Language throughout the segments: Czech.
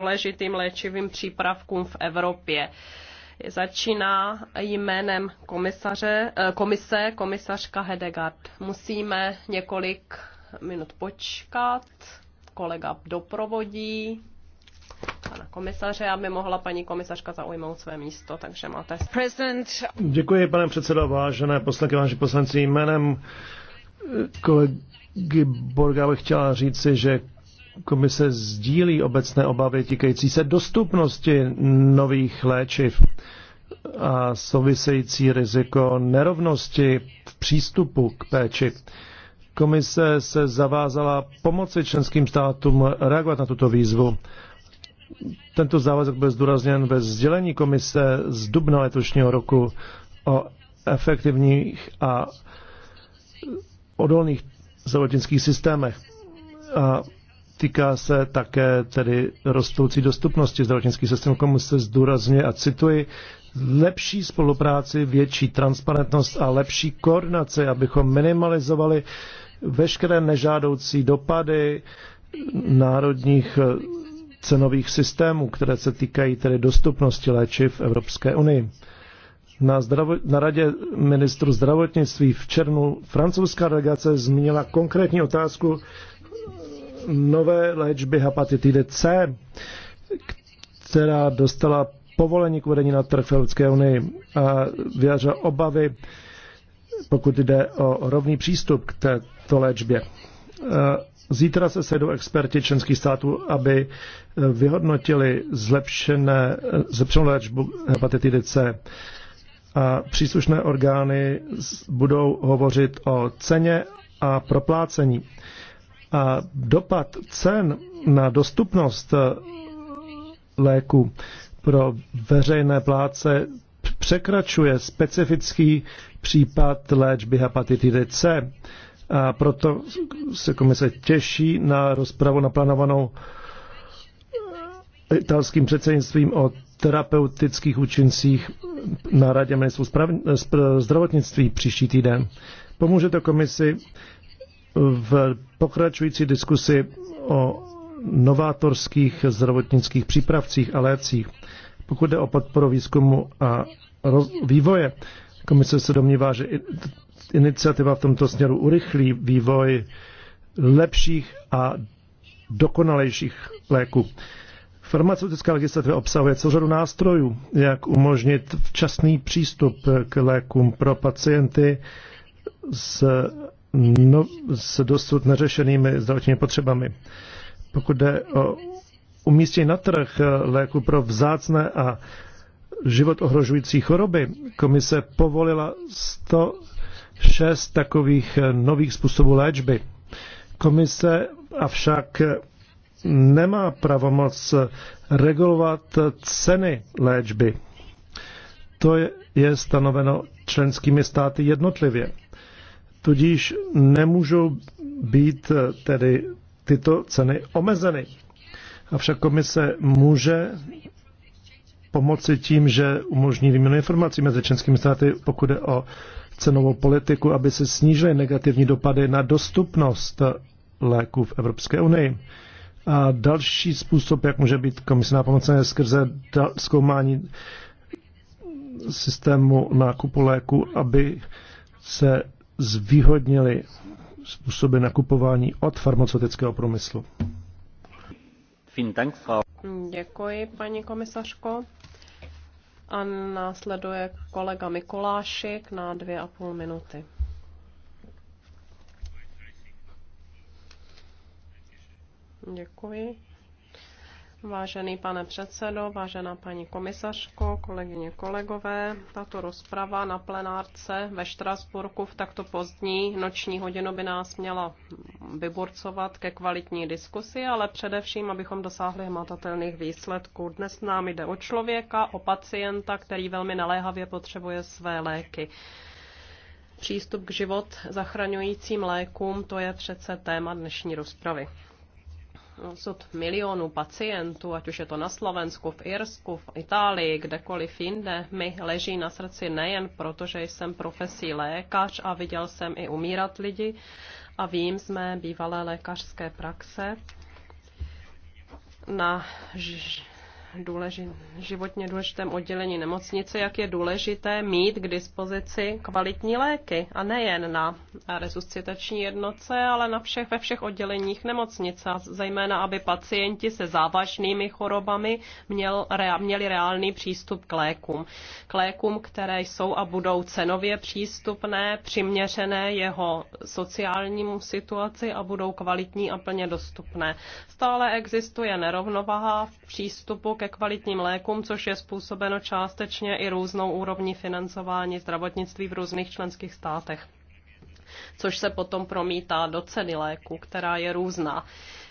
důležitým léčivým přípravkům v Evropě. Začíná jménem komisaře, eh, komise, komisařka Hedegard. Musíme několik minut počkat, kolega doprovodí pana komisaře, aby mohla paní komisařka zaujmout své místo, takže máte... President. Děkuji, pane předsedo, vážené poslanky, vážení poslanci, jménem kolegy Borga bych chtěla říci, že komise sdílí obecné obavy týkající se dostupnosti nových léčiv a související riziko nerovnosti v přístupu k péči. Komise se zavázala pomoci členským státům reagovat na tuto výzvu. Tento závazek byl zdůrazněn ve sdělení komise z dubna letošního roku o efektivních a odolných zdravotnických systémech. A Týká se také tedy rostoucí dostupnosti zdravotnických systémů, komu se zdůrazně a cituji, lepší spolupráci, větší transparentnost a lepší koordinaci, abychom minimalizovali veškeré nežádoucí dopady národních eh, cenových systémů, které se týkají tedy dostupnosti léčiv v Evropské unii. Na, zdravo- na radě ministru zdravotnictví v černu francouzská delegace zmínila konkrétní otázku nové léčby hepatitidy C, která dostala povolení k uvedení na trh v Evropské unii a vyjádřila obavy, pokud jde o rovný přístup k této léčbě. Zítra se sedou experti členských států, aby vyhodnotili zlepšené, zlepšenou léčbu hepatitidy C. A příslušné orgány budou hovořit o ceně a proplácení. A dopad cen na dostupnost eh, léku pro veřejné pláce překračuje specifický případ léčby hepatitidy C. A proto se komise těší na rozpravu naplánovanou eh, italským předsednictvím o terapeutických účincích na Radě ministrů eh, zdravotnictví příští týden. Pomůže to komisi v pokračující diskusi o novátorských zdravotnických přípravcích a lécích. Pokud jde o podporu výzkumu a vývoje, komise se domnívá, že iniciativa v tomto směru urychlí vývoj lepších a dokonalejších léků. Farmaceutická legislativa obsahuje celou řadu nástrojů, jak umožnit včasný přístup k lékům pro pacienty s no, s dosud neřešenými zdravotními potřebami. Pokud jde o umístění na trh léku pro vzácné a život ohrožující choroby, komise povolila 106 takových nových způsobů léčby. Komise avšak nemá pravomoc regulovat ceny léčby. To je stanoveno členskými státy jednotlivě. Tudíž nemůžou být eh, tedy tyto ceny omezeny. Avšak komise může pomoci tím, že umožní výměnu informací mezi členskými státy, pokud je o cenovou politiku, aby se snížily negativní dopady na dostupnost léků v Evropské unii. A další způsob, jak může být komise nápomocná, je skrze zkoumání systému nákupu léku, aby se zvýhodnili způsoby nakupování od farmaceutického průmyslu. Děkuji, paní komisařko. A následuje kolega Mikolášik na dvě a půl minuty. Děkuji. Vážený pane předsedo, vážená paní komisařko, kolegyně, kolegové, tato rozprava na plenárce ve Štrasburku v takto pozdní noční hodinu by nás měla vyburcovat ke kvalitní diskusi, ale především, abychom dosáhli hmatatelných výsledků. Dnes nám jde o člověka, o pacienta, který velmi naléhavě potřebuje své léky. Přístup k život zachraňujícím lékům, to je přece téma dnešní rozpravy sot milionů pacientů, ať už je to na Slovensku, v Irsku, v Itálii, kdekoliv jinde, mi leží na srdci nejen proto, že jsem profesí lékař a viděl jsem i umírat lidi a vím z mé bývalé lékařské praxe, na důležit, životně důležitém oddělení nemocnice, jak je důležité mít k dispozici kvalitní léky a nejen na resuscitační jednotce, ale na všech, ve všech odděleních nemocnice, zejména aby pacienti se závažnými chorobami měl, re, měli reálný přístup k lékům. K lékům, které jsou a budou cenově přístupné, přiměřené jeho sociálnímu situaci a budou kvalitní a plně dostupné. Stále existuje nerovnováha v přístupu ke kvalitním lékům, což je způsobeno částečně i různou úrovní financování zdravotnictví v různých členských státech což se potom promítá do ceny léku, která je různá.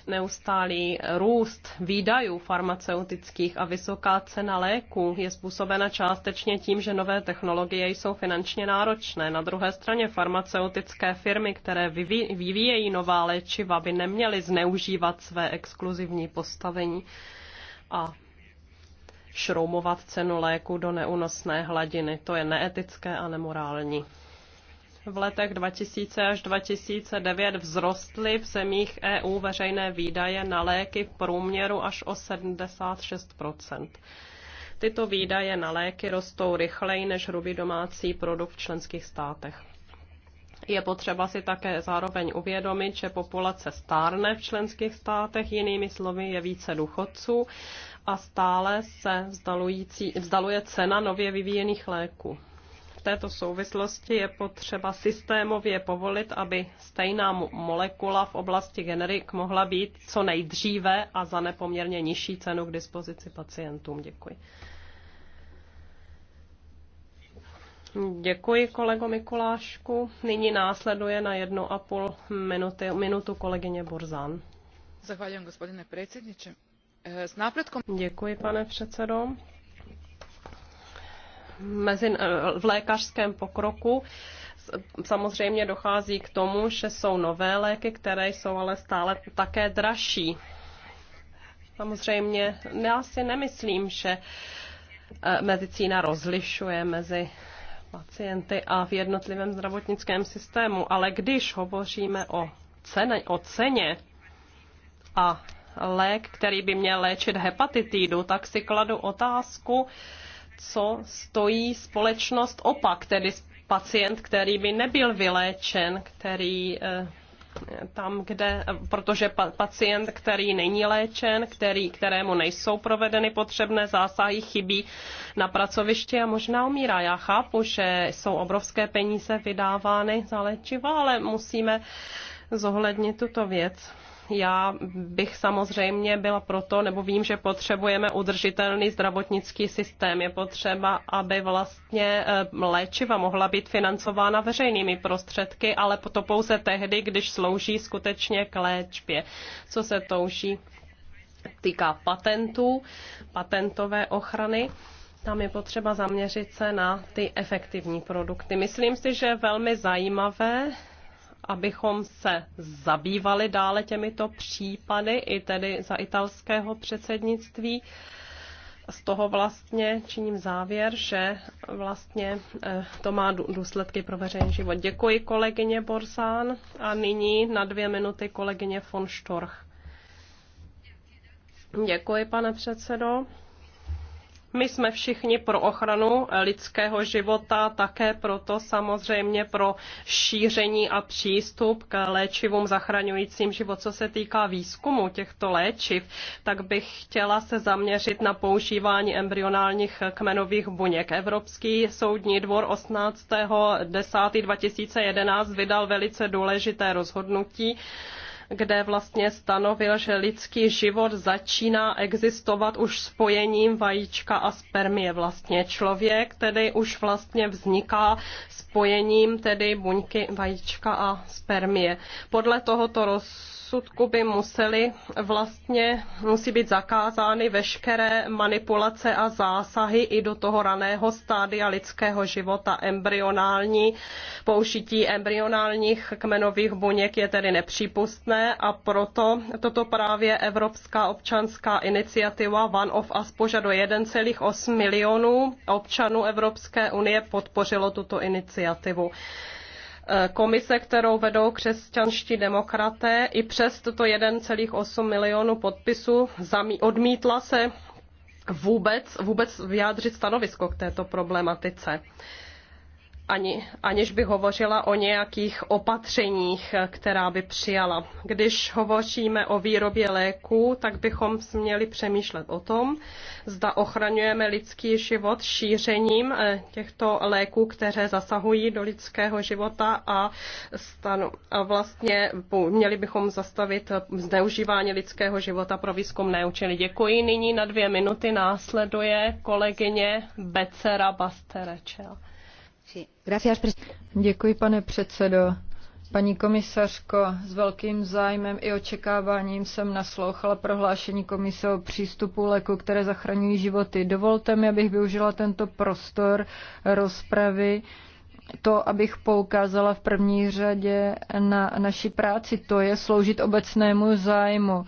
Neustálý růst výdajů farmaceutických a vysoká cena léků je způsobena částečně tím, že nové technologie jsou finančně náročné. Na druhé straně farmaceutické firmy, které vyvíjejí nová léčiva, by neměly zneužívat své exkluzivní postavení a šroumovat cenu léku do neúnosné hladiny. To je neetické a nemorální v letech 2000 až 2009 vzrostly v zemích EU veřejné výdaje na léky v průměru až o 76 Tyto výdaje na léky rostou rychleji než hrubý domácí produkt v členských státech. Je potřeba si také zároveň uvědomit, že populace stárne v členských státech, jinými slovy je více důchodců a stále se vzdaluje cena nově vyvíjených léků V této souvislosti je potřeba systémově povolit, aby stejná molekula v oblasti generik mohla být co nejdříve a za nepoměrně nižší cenu k dispozici pacientům. Děkuji. Děkuji kolego Mikulášku. Nyní následuje na jednu a půl minuty, minutu kolegyně Borzán. Zahvaljujem, gospodine predsjedniče. E, s napredkom... Děkuji, pane předsedo. Mezi, e, v lékařském pokroku samozřejmě dochází k tomu, že jsou nové léky, které jsou ale stále také dražší. Samozřejmě já si nemyslím, že e, medicína rozlišuje mezi pacienty a v jednotlivém zdravotnickém systému, ale když hovoříme o, cene, o ceně a lék, který by měl léčit hepatitidu, tak si kladu otázku, co stojí společnost opak, tedy pacient, který by nebyl vyléčen, který eh, tam, kde, protože pacient, který není léčen, který, kterému nejsou provedeny potřebné zásahy, chybí na pracovišti a možná umírá. Já chápu, že jsou obrovské peníze vydávány za léčiva, ale musíme zohlednit tuto věc. Já bych samozřejmě byla proto, nebo vím, že potřebujeme udržitelný zdravotnický systém. Je potřeba, aby vlastně eh, léčiva mohla být financována veřejnými prostředky, ale to pouze tehdy, když slouží skutečně k léčbě. Co se touží týká patentů, patentové ochrany tam je potřeba zaměřit se na ty efektivní produkty. Myslím si, že je velmi zajímavé, abychom se zabývali dále těmito případy, i tedy za italského předsednictví. Z toho vlastně činím závěr, že vlastně eh, to má důsledky pro veřejný život. Děkuji kolegyně Borsán a nyní na dvě minuty kolegyně von Storch. Děkuji, pane předsedo. My jsme všichni pro ochranu lidského života, také proto samozřejmě pro šíření a přístup k léčivům zachraňujícím život. Co se týká výzkumu těchto léčiv, tak bych chtěla se zaměřit na používání embryonálních kmenových buněk. Evropský soudní dvor 18. 10. 2011 vydal velice důležité rozhodnutí, kde vlastně stanovil, že lidský život začíná existovat už spojením vajíčka a spermie vlastně. Člověk tedy už vlastně vzniká spojením tedy buňky vajíčka a spermie. Podle tohoto roz by museli vlastně, musí být zakázány veškeré manipulace a zásahy i do toho raného stádia lidského života embryonální. Použití embryonálních kmenových buněk je tedy nepřípustné nutné a proto toto právě Evropská občanská iniciativa One of Us požaduje 1,8 milionů občanů Evropské unie podpořilo tuto iniciativu e, komise, kterou vedou křesťanští demokraté, i přes toto 1,8 milionu podpisů odmítla se vůbec, vůbec vyjádřit stanovisko k této problematice ani, aniž by hovořila o nějakých opatřeních, která by přijala. Když hovoříme o výrobě léků, tak bychom měli přemýšlet o tom, zda ochraňujeme lidský život šířením eh, těchto léků, které zasahují do lidského života a, stanu, a vlastně měli bychom zastavit zneužívání lidského života pro výzkum účely. Děkuji. Nyní na dvě minuty následuje kolegyně Becera Bastereča. Děkuji, pane předsedo. Paní komisařko, s velkým zájmem i očekáváním jsem naslouchala prohlášení komise o přístupu léku, které zachraňují životy. Dovolte mi, abych využila tento prostor rozpravy to, abych poukázala v první řadě na naši práci, to je sloužit obecnému zájmu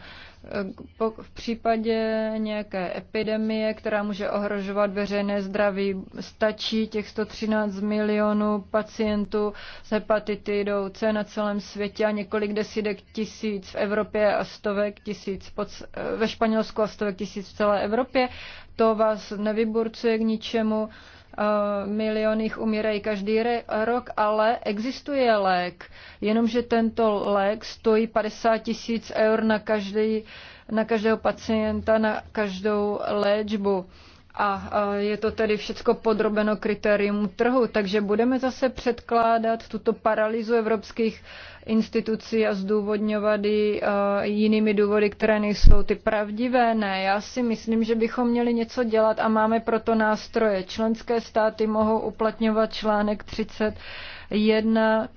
v případě nějaké epidemie, která může ohrožovat veřejné zdraví, stačí těch 113 milionů pacientů s hepatitidou C na celém světě a několik desítek tisíc v Evropě a stovek tisíc pod, ve Španělsku a stovek tisíc v celé Evropě. To vás nevyburcuje k ničemu. Eh, jich umírají každý rok, ale existuje lék. Jenomže tento lék stojí 50 tisíc eur na, každý, na každého pacienta, na každou léčbu a e, je to tedy všechno podrobeno kritérium trhu, takže budeme zase předkládat tuto paralýzu evropských institucí a zdůvodňovat ji e, jinými důvody, které nejsou ty pravdivé. Ne, já si myslím, že bychom měli něco dělat a máme proto nástroje. Členské státy mohou uplatňovat článek 31 e,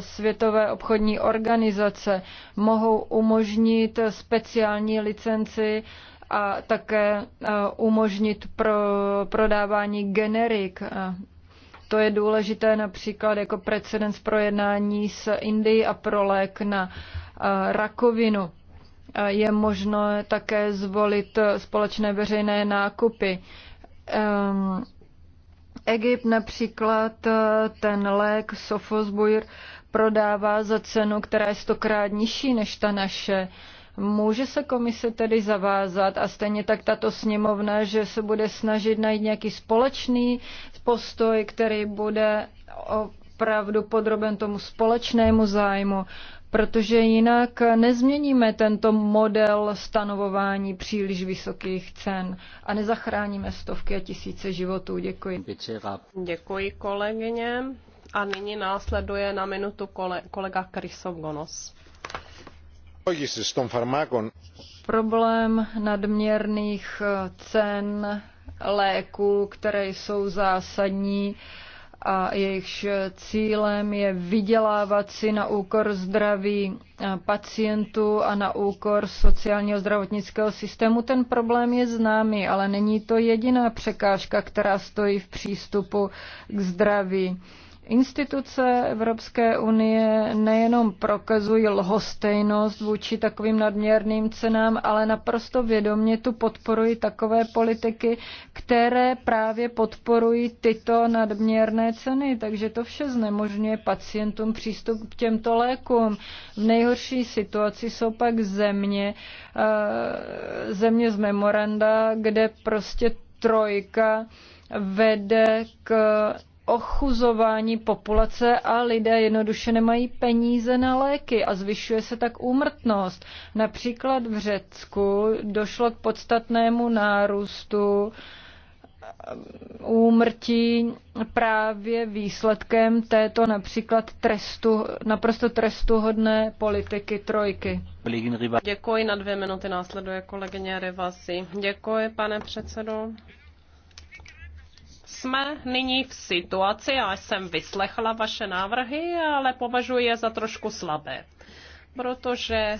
Světové obchodní organizace mohou umožnit speciální licenci a také e, umožnit pro prodávání generik. E, to je důležité například jako precedens pro jednání s Indií a pro lék na e, rakovinu. Je možno také zvolit společné veřejné nákupy. Egypt například ten lék Sofosbuir prodává za cenu, která je stokrát nižší než ta naše. Uh, Může se komise tedy zavázat a stejně tak tato sněmovna, že se bude snažit najít nějaký společný postoj, který bude opravdu podroben tomu společnému zájmu, protože jinak nezměníme tento model stanovování příliš vysokých cen a nezachráníme stovky a tisíce životů. Děkuji. Děkuji kolegyně. A nyní následuje na minutu kolega Gonos. Problém nadměrných eh, cen léků, které jsou zásadní a jejichž cílem je vydělávat si na úkor zdraví eh, pacientů a na úkor sociálního zdravotnického systému. Ten problém je známý, ale není to jediná překážka, která stojí v přístupu k zdraví Instituce Evropské unie nejenom prokazují lhostejnost vůči takovým nadměrným cenám, ale naprosto vědomě tu podporují takové politiky, které právě podporují tyto nadměrné ceny. Takže to vše znemožňuje pacientům přístup k těmto lékům. V nejhorší situaci jsou pak země, eh, země z memoranda, kde prostě trojka vede k ochuzování populace a lidé jednoduše nemají peníze na léky a zvyšuje se tak úmrtnost. Například v Řecku došlo k podstatnému nárůstu um, úmrtí právě výsledkem této například trestu, naprosto trestuhodné politiky trojky. Děkuji, na dvě minuty následuje kolegyně Rivasi. Děkuji, pane předsedo jsme nyní v situaci, já jsem vyslechla vaše návrhy, ale považuji je za trošku slabé protože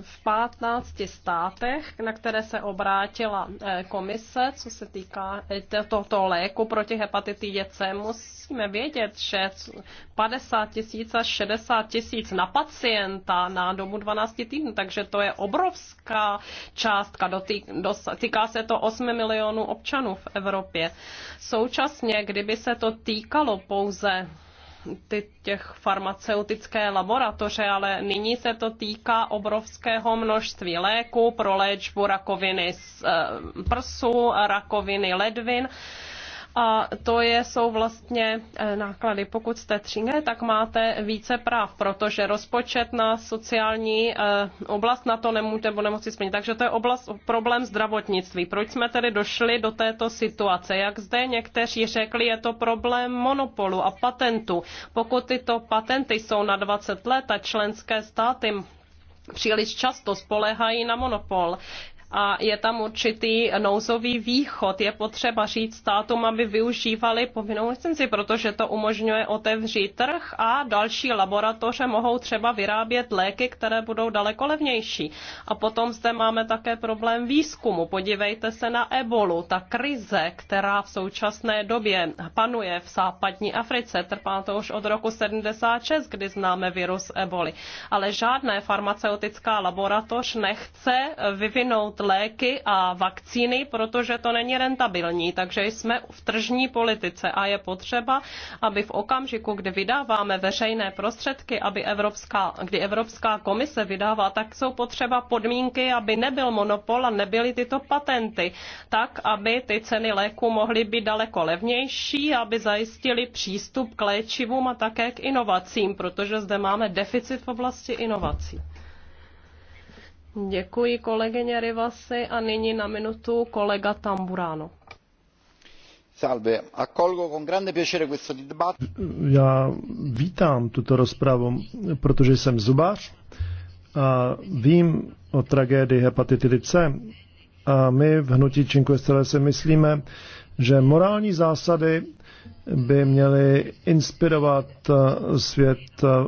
v 15 státech, na které se obrátila eh, komise, co se týká eh, tohoto léku proti hepatitidě C, musíme vědět, že 50 tisíc až 60 tisíc na pacienta na dobu 12 týdnů, takže to je obrovská částka. Týká se to 8 milionů občanů v Evropě. Současně, kdyby se to týkalo pouze ty, těch farmaceutické laboratoře, ale nyní se to týká obrovského množství léků pro léčbu rakoviny z eh, prsu, rakoviny ledvin a to je, jsou vlastně e, náklady. Pokud jste tříné, tak máte více práv, protože rozpočet na sociální e, oblast na to nemůžete nebo nemoci splnit. Takže to je oblast, problém zdravotnictví. Proč jsme tedy došli do této situace? Jak zde někteří řekli, je to problém monopolu a patentu. Pokud tyto patenty jsou na 20 let a členské státy příliš často spolehají na monopol a je tam určitý nouzový východ. Je potřeba říct státům, aby využívali povinnou licenci, protože to umožňuje otevřít trh a další laboratoře mohou třeba vyrábět léky, které budou daleko levnější. A potom zde máme také problém výzkumu. Podívejte se na ebolu. Ta krize, která v současné době panuje v západní Africe, trpá to už od roku 76, kdy známe virus eboli. Ale žádné farmaceutická laboratoř nechce vyvinout odmítnout léky a vakcíny, protože to není rentabilní. Takže jsme v tržní politice a je potřeba, aby v okamžiku, kdy vydáváme veřejné prostředky, aby Evropská, kdy Evropská komise vydává, tak jsou potřeba podmínky, aby nebyl monopol a nebyly tyto patenty, tak aby ty ceny léku mohly být daleko levnější, aby zajistili přístup k léčivům a také k inovacím, protože zde máme deficit v oblasti inovací. Děkuji kolegyně Rivasi a nyní na minutu kolega Tamburano. Salve, accolgo con grande piacere questo dibattito. Já vítám tuto rozpravu, protože jsem zubař a vím o tragédii hepatitidy C. A my v hnutí Cinque Stelle si myslíme, že morální zásady by měly inspirovat svět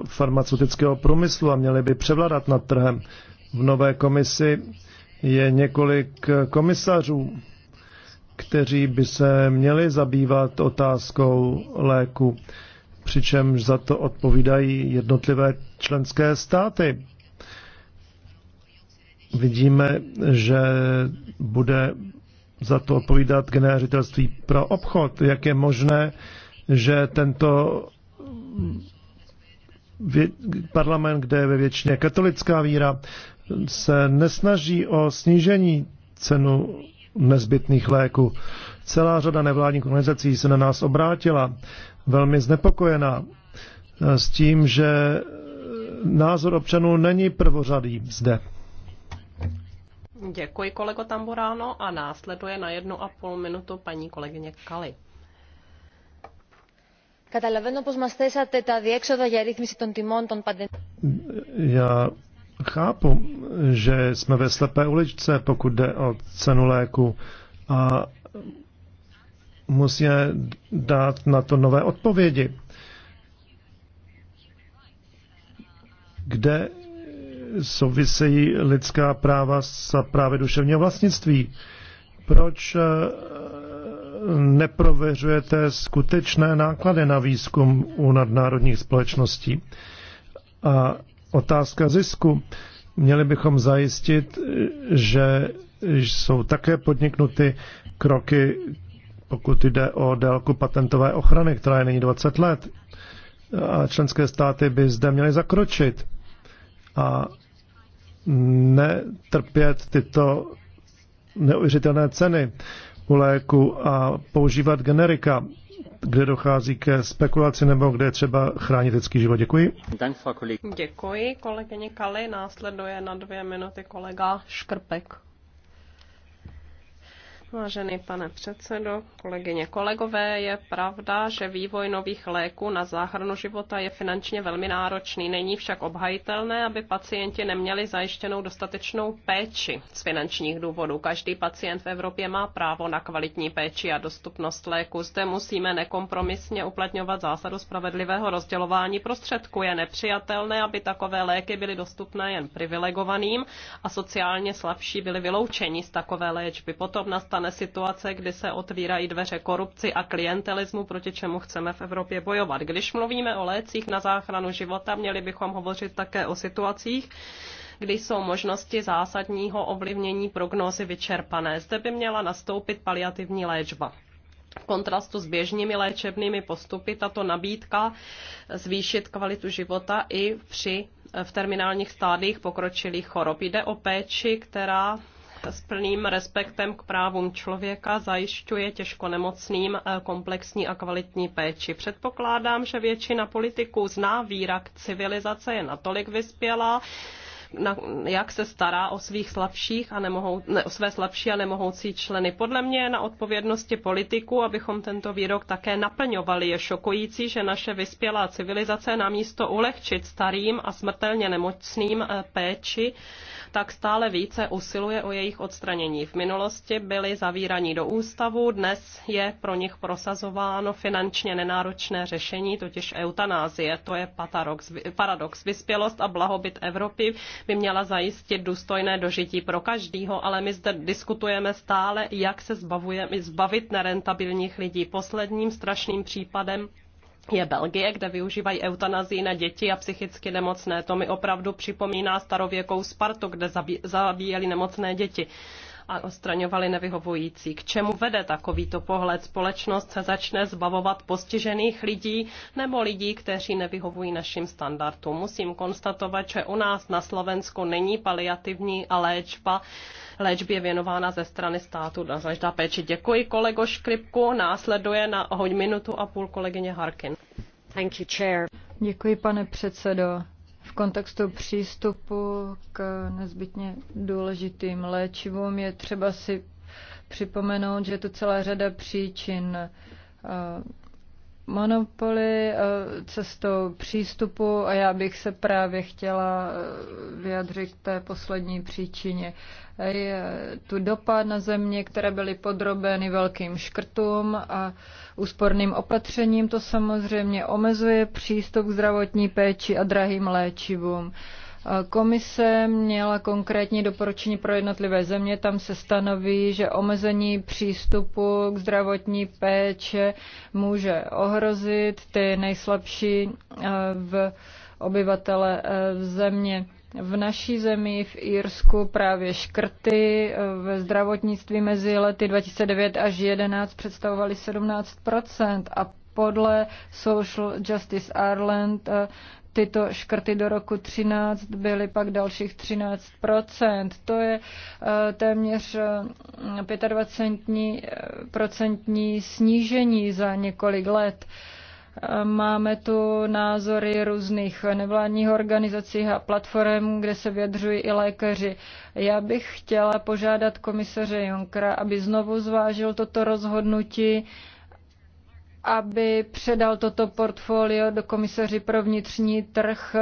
farmaceutického průmyslu a měly by převládat nad trhem v nové komisi je několik komisařů, kteří by se měli zabývat otázkou léku, přičemž za to odpovídají jednotlivé členské státy. Vidíme, že bude za to odpovídat generitelství pro obchod. Jak je možné, že tento parlament, kde je ve většině katolická víra, se nesnaží o snížení cenu nezbytných léků. Celá řada nevládních organizací se na nás obrátila, velmi znepokojená eh, s tím, že názor občanů není prvořadý zde. Děkuji, kolego Tamburáno, a následuje na jednu a půl minutu paní kolegyně Kali. Καταλαβαίνω πως μας θέσατε τα διέξοδα για ρύθμιση των τιμών των παντεντών. Já Chápu, že jsme ve slepé uličce, pokud jde o cenu léku a musíme dát na to nové odpovědi. Kde souvisejí lidská práva s právě duševního vlastnictví? Proč eh, neprověřujete skutečné náklady na výzkum u nadnárodních společností? A otázka zisku. Měli bychom zajistit, že jsou také podniknuty kroky, pokud jde o délku patentové ochrany, která je nyní 20 let. A členské státy by zde měly zakročit a netrpět tyto neuvěřitelné ceny u léku a používat generika kde dochází ke spekulaci nebo kde je třeba chránit lidský život. Děkuji. Děkuji, kolegyně Kali. Následuje na dvě minuty kolega Škrpek. Vážený pane předsedo, kolegyně, kolegové, je pravda, že vývoj nových léků na záchranu života je finančně velmi náročný. Není však obhajitelné, aby pacienti neměli zajištěnou dostatečnou péči z finančních důvodů. Každý pacient v Evropě má právo na kvalitní péči a dostupnost léku. Zde musíme nekompromisně uplatňovat zásadu spravedlivého rozdělování prostředků. Je nepřijatelné, aby takové léky byly dostupné jen privilegovaným a sociálně slabší byly vyloučeni z takové léčby. Potom nastane nastane situace, kdy se otvírají dveře korupci a klientelismu, proti čemu chceme v Evropě bojovat. Když mluvíme o lécích na záchranu života, měli bychom hovořit také o situacích, kdy jsou možnosti zásadního ovlivnění prognózy vyčerpané. Zde by měla nastoupit paliativní léčba. V kontrastu s běžnými léčebnými postupy tato nabídka zvýšit kvalitu života i při v terminálních stádiích pokročilých chorob. Jde o péči, která s plným respektem k právům člověka zajišťuje těžko nemocným eh, komplexní a kvalitní péči. Předpokládám, že většina politiků zná víra k civilizace je natolik vyspělá, na, jak se stará o svých slabších a nemohou, ne, o své slabší a nemohoucí členy. Podle mě na odpovědnosti politiku, abychom tento výrok také naplňovali. Je šokující, že naše vyspělá civilizace namísto ulehčit starým a smrtelně nemocným eh, péči, tak stále více usiluje o jejich odstranění. V minulosti byly zavíraní do ústavu, dnes je pro nich prosazováno finančně nenáročné řešení, totiž eutanázie. To je paradox. Vyspělost a blahobyt Evropy by měla zajistit důstojné dožití pro každýho, ale my zde diskutujeme stále, jak se zbavujeme, zbavit nerentabilních lidí. Posledním strašným případem je Belgie, kde využívají eutanazii na děti a psychicky nemocné. To mi opravdu připomíná starověkou Spartu, kde zabíjeli nemocné děti a odstraňovali nevyhovující. K čemu vede takovýto pohled? Společnost se začne zbavovat postižených lidí nebo lidí, kteří nevyhovují našim standardům. Musím konstatovat, že u nás na Slovensku není paliativní a léčba léčbě věnována ze strany státu na zaždá péči. Děkuji kolego Škripku. Následuje na hoď minutu a půl kolegyně Harkin. Thank you, chair. Děkuji, pane předsedo. V kontextu přístupu k nezbytně důležitým léčivům je třeba si připomenout, že je tu celá řada příčin monopoly, eh, cestou přístupu a já bych se právě chtěla eh, vyjadřit k té poslední příčině. Je tu dopad na země, které byly podrobeny velkým škrtům a úsporným opatřením, to samozřejmě omezuje přístup k zdravotní péči a drahým léčivům. Komise měla konkrétní doporučení pro jednotlivé země. Tam se stanoví, že omezení přístupu k zdravotní péče může ohrozit ty nejslabší eh, v obyvatele v eh, země. V naší zemi, v Irsku, právě škrty eh, ve zdravotnictví mezi lety 2009 až 2011 představovaly 17 a podle Social Justice Ireland tyto škrty do roku 13 byly pak dalších 13 To je eh, téměř 25% eh, eh, snížení za několik let. Máme tu názory různých nevládních organizací a platform, kde se vyjadřují i lékaři. Já bych chtěla požádat komisaře Jonkra, aby znovu zvážil toto rozhodnutí aby předal toto portfolio do komisaři pro vnitřní trh,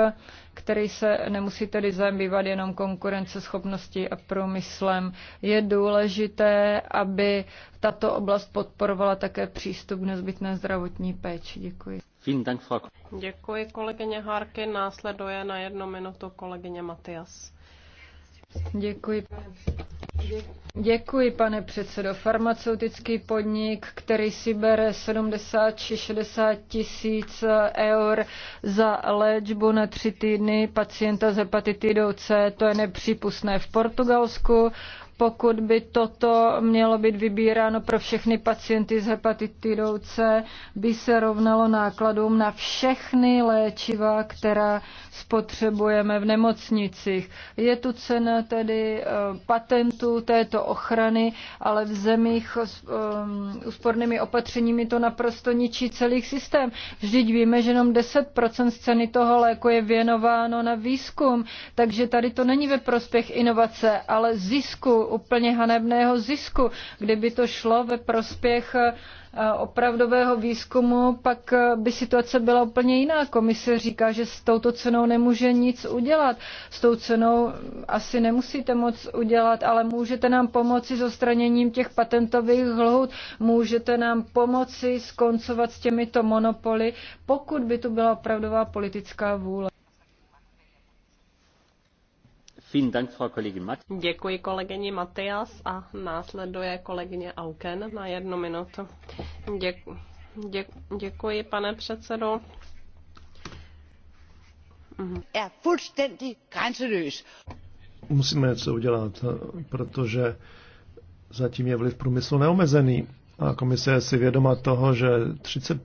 který se nemusí tedy zabývat jenom konkurenceschopností a průmyslem. Je důležité, aby tato oblast podporovala také přístup k nezbytné zdravotní péči. Děkuji. Děkuji kolegyně Harky. Následuje na jednu minutu kolegyně Matias. Děkuji. Děkuji, pane předsedo. Farmaceutický podnik, který si bere 70 či 60 tisíc eur za léčbu na tři týdny pacienta s hepatitidou C, to je nepřípustné. V Portugalsku pokud by toto mělo být vybíráno pro všechny pacienty s hepatitidou C, by se rovnalo nákladům na všechny léčiva, která spotřebujeme v nemocnicích. Je tu cena tedy eh, patentů této ochrany, ale v zemích eh, úspornými opatřeními to naprosto ničí celý systém. Vždyť víme, že jenom 10% z ceny toho léku je věnováno na výzkum, takže tady to není ve prospěch inovace, ale zisku úplně hanebného zisku. Kdyby to šlo ve prospěch eh, opravdového výzkumu, pak eh, by situace byla úplně jiná. Komise říká, že s touto cenou nemůže nic udělat. S tou cenou eh, asi nemusíte moc udělat, ale můžete nám pomoci s ostraněním těch patentových hlout, můžete nám pomoci skoncovat s těmito monopoly, pokud by tu byla opravdová politická vůle. Děkuji kolegyni Matias a následuje kolegyně Auken na jednu minutu. Děkuji. Děkuji, pane předsedo. Er er Musíme něco udělat, protože zatím je vliv průmyslu neomezený. A komise je si vědoma toho, že 30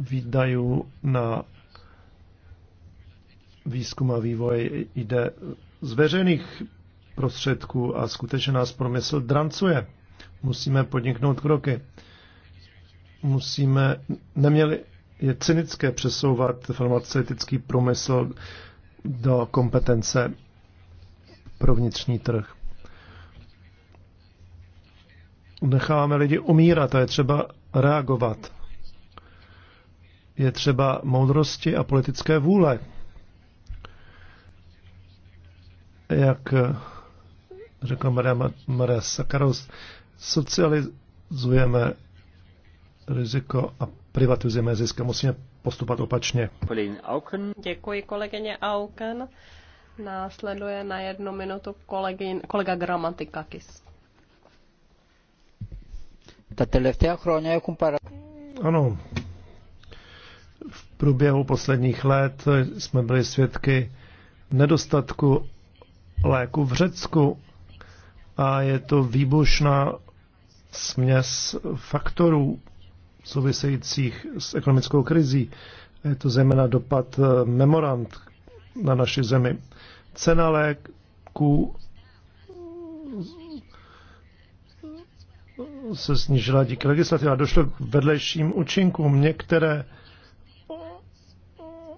výdajů na výzkum a vývoj jde z veřejných prostředků a skutečně nás promysl drancuje. Musíme podniknout kroky. Musíme, neměli, je cynické přesouvat farmaceutický promysl do kompetence pro vnitřní trh. Necháváme lidi umírat a je třeba reagovat. Je třeba moudrosti a politické vůle. jak eh, řekl Maria, Maria Sakaros, socializujeme riziko a privatizujeme zisk musíme postupat opačně. Děkuji kolegyně Auken. Následuje na jednu minutu kolegyn, kolega Gramatikakis. Ta τελευταία χρόνια je Ano. V průběhu posledních let jsme byli svědky nedostatku léku v Řecku a je to výbušná směs faktorů souvisejících s ekonomickou krizí. Je to zejména dopad eh, memorand na naši zemi. Cena léků eh, se snížila díky legislativě a došlo k vedlejším účinkům. Některé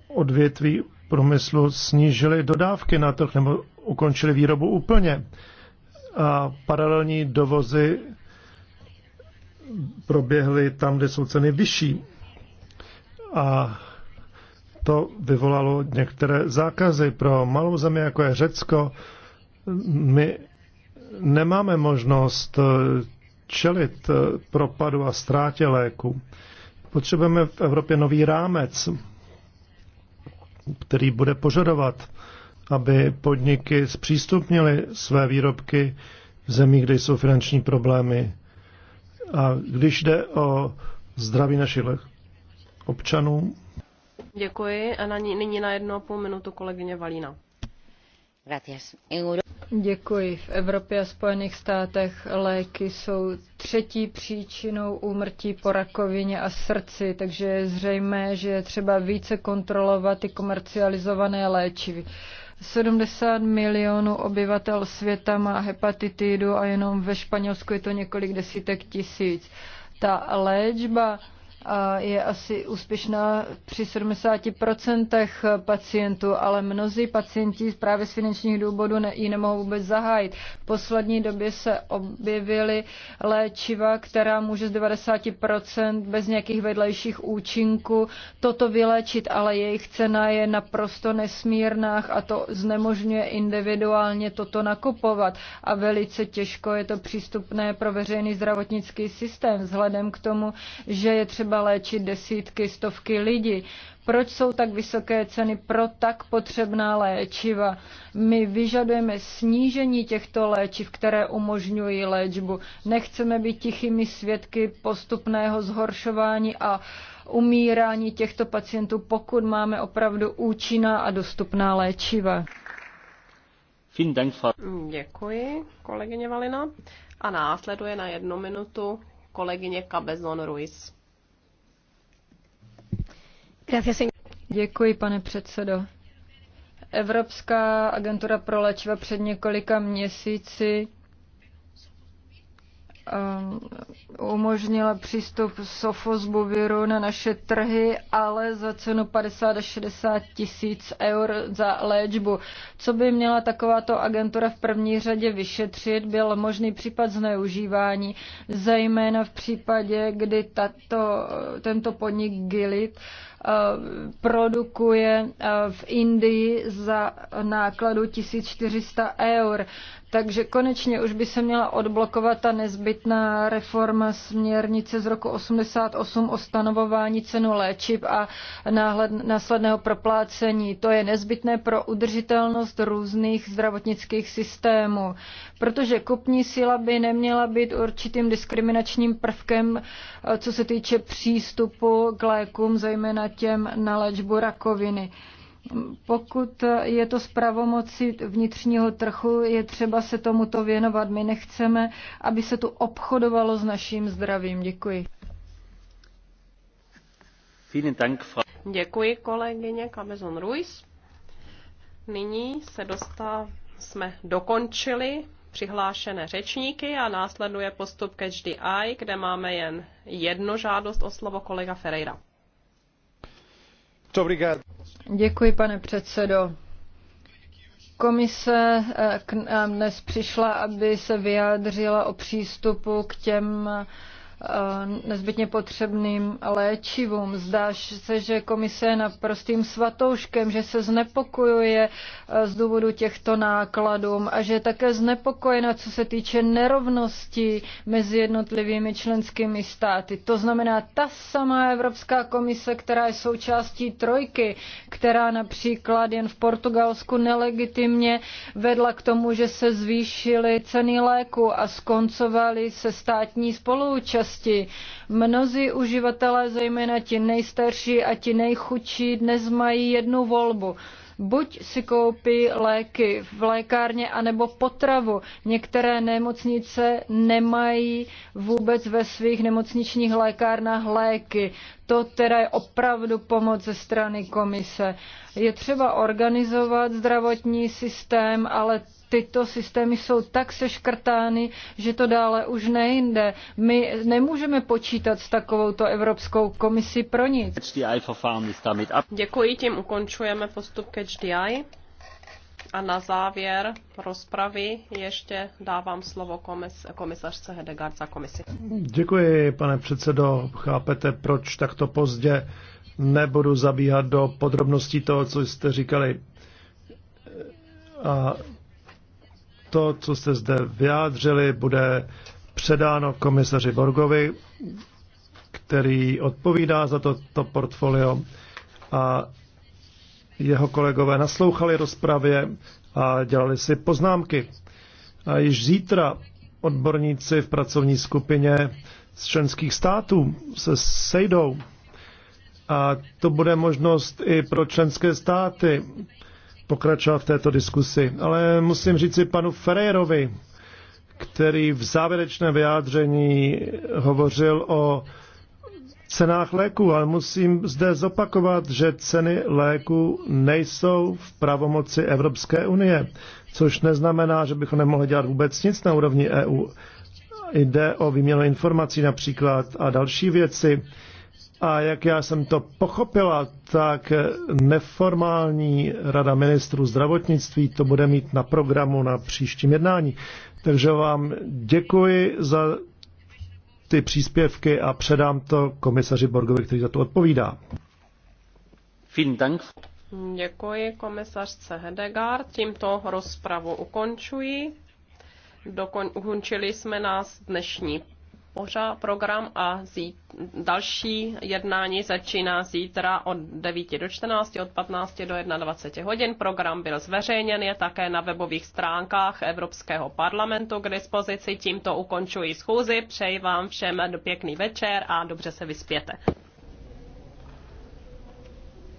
odvětví průmyslu snížily dodávky na trh nebo ukončili výrobu úplně. A paralelní dovozy proběhly tam, kde jsou ceny vyšší. A to vyvolalo některé zákazy pro malou zemi, jako je Řecko. My nemáme možnost eh, čelit eh, propadu a ztrátě léku. Potřebujeme v Evropě nový rámec, který bude požadovat aby podniky zpřístupnily své výrobky v zemích, kde jsou finanční problémy. A když jde o zdraví našich občanů. Děkuji. A na, nyní na jednu a půl minutu kolegyně Valína. Děkuji. V Evropě a Spojených státech léky jsou třetí příčinou úmrtí po rakovině a srdci, takže je zřejmé, že je třeba více kontrolovat i komercializované léčivy. 70 milionů obyvatel světa má hepatitidu a jenom ve Španělsku je to několik desítek tisíc. Ta léčba a je asi úspěšná při 70% pacientů, ale mnozí pacienti právě z finančních důvodů ne, ji nemohou vůbec zahájit. V poslední době se objevily léčiva, která může z 90% bez nějakých vedlejších účinků toto vyléčit, ale jejich cena je naprosto nesmírná a to znemožňuje individuálně toto nakupovat a velice těžko je to přístupné pro veřejný zdravotnický systém vzhledem k tomu, že je třeba třeba léčit desítky, stovky lidí. Proč jsou tak vysoké ceny pro tak potřebná léčiva? My vyžadujeme snížení těchto léčiv, které umožňují léčbu. Nechceme být tichými svědky postupného zhoršování a umírání těchto pacientů, pokud máme opravdu účinná a dostupná léčiva. Děkuji, kolegyně Valina. A následuje na jednu minutu kolegyně Cabezon Ruiz. Děkuji, pane předsedo. Evropská agentura pro léčiva před několika měsíci um, umožnila přístup sofosbuviru na naše trhy, ale za cenu 50 až 60 tisíc eur za léčbu. Co by měla takováto agentura v první řadě vyšetřit, byl možný případ zneužívání, zejména v případě, kdy tato, tento podnik Gilit Eh, produkuje eh, v Indii za nákladu 1400 eur. Takže konečně už by se měla odblokovat ta nezbytná reforma směrnice z roku 88 o stanovování cenu léčiv a následného proplácení. To je nezbytné pro udržitelnost různých zdravotnických systémů, protože kupní síla by neměla být určitým diskriminačním prvkem, eh, co se týče přístupu k lékům, zejména těm na léčbu rakoviny. Pokud je to z pravomoci vnitřního trhu, je třeba se tomuto věnovat. My nechceme, aby se tu obchodovalo s naším zdravím. Děkuji. Děkuji kolegyně Kamezon Ruiz. Nyní se dostáváme, jsme dokončili přihlášené řečníky a následuje postup Catch the Eye, kde máme jen jednu žádost o slovo kolega Ferreira. Děkuji, pane předsedo. Komise eh, k nám dnes přišla, aby se vyjádřila o přístupu k těm Eh, nezbytně potřebným léčivům. Zdá se, že komise je naprostým svatouškem, že se znepokojuje eh, z důvodu těchto nákladů a že je také znepokojena, co se týče nerovnosti mezi jednotlivými členskými státy. To znamená, ta samá Evropská komise, která je součástí trojky, která například jen v Portugalsku nelegitimně vedla k tomu, že se zvýšily ceny léku a skoncovaly se státní spoluúčast účasti. Mnozí uživatelé, zejména ti nejstarší a ti nejchudší, dnes mají jednu volbu buď si koupí léky v lékárně anebo potravu. Některé nemocnice nemají vůbec ve svých nemocničních lékárnách léky. To teda je opravdu pomoc ze strany komise. Je třeba organizovat zdravotní systém, ale tyto systémy jsou tak seškrtány, že to dále už nejde. My nemůžeme počítat s takovouto Evropskou komisi pro nic. Děkuji, tím ukončujeme postup Catch the Eye. A na závěr rozpravy ještě dávám slovo komis- komisařce Hedegard za komisi. Děkuji, pane předsedo. Chápete, proč takto pozdě nebudu zabíhat do podrobností toho, co jste říkali. A to, co jste zde vyjádřili, bude předáno komisaři Borgovi, který odpovídá za toto to portfolio a jeho kolegové naslouchali rozpravě a dělali si poznámky. A již zítra odborníci v pracovní skupině z členských států se sejdou. A to bude možnost i pro členské státy pokračovat v této diskusi. Ale musím říci panu Ferrerovi, který v závěrečném vyjádření hovořil o cenách léků, ale musím zde zopakovat, že ceny léků nejsou v pravomoci Evropské unie, což neznamená, že bychom nemohli dělat vůbec nic na úrovni EU. Jde o výměnu informací například a další věci. A jak já jsem to pochopila, tak neformální rada ministrů zdravotnictví to bude mít na programu na příštím jednání. Takže vám děkuji za ty příspěvky a předám to komisaři Borgovi, který za to odpovídá. Děkuji komisařce Hedegaard. Tímto rozpravu ukončuji. Dokončili jsme nás dnešní pořád program a zít, další jednání začíná zítra od 9 do 14, od 15 do 21 hodin. Program byl zveřejněn, je také na webových stránkách Evropského parlamentu k dispozici. Tímto ukončuji schůzi, přeji vám všem pěkný večer a dobře se vyspěte.